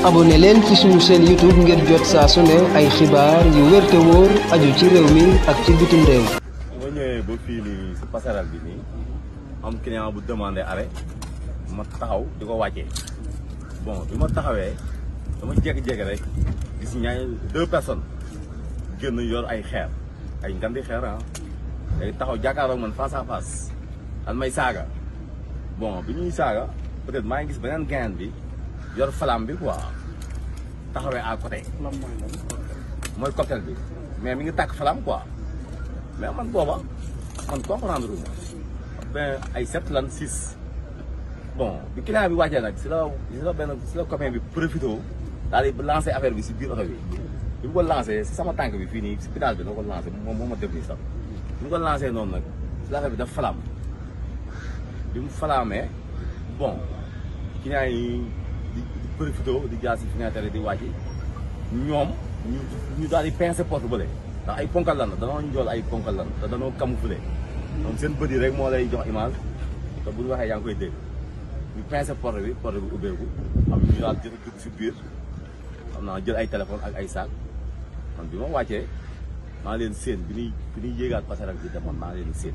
abonné leen ci su seen YouTube ngir jot saa su ne ay xibaar yu wér te wóor aju ci réew mi ak ci bitim réew. ma ñëwee ba fii nii si bi nii am client bu demandé arrêt ma taxaw di ko wàccee bon bi ma taxawee dama jékki-jékki rek gis ñaar deux personnes génn yor ay xeer ay ngandi xeer ah day taxaw jàkkaarloo man face à face an may saaga bon bi ñuy saaga peut-être maa ngi gis beneen gain bi. yor flamme bi quoi taxawee à côté mooy cocktail bi mais mi ngi takk flamme quoi mais man booba man comprendre lu ma ay sept lan six bon bi client bi wàccee nag si la si benn si la copain bi profité daal di lancé affaire bi si biir oto bi bi mu ko lancé si sama tànk bi fii nii si pédale bi la ko lancé moom moo ma def nii sax bi mu ko lancé noonu nag si la affaire bi daf flamme bi mu flamee bon client yi di profité di jaasi fenêtre yi di wàcc ñoom ñu ñu daal di pincer porte bële ndax ay ponkal lan la danoo njool ay ponkal lan te danoo camouflé donc seen bët yi rek moo lay jox image te bu ñu waxee yaa ngi koy dégg ñu pincer porte bi porte bi ubbeeku am ñu daal jël si biir xam naa jël ay téléphone ak ay saak man bi ma wàccee maa leen seen bi ñuy bi ñuy yéegaat passerelle bi demoon maa leen seen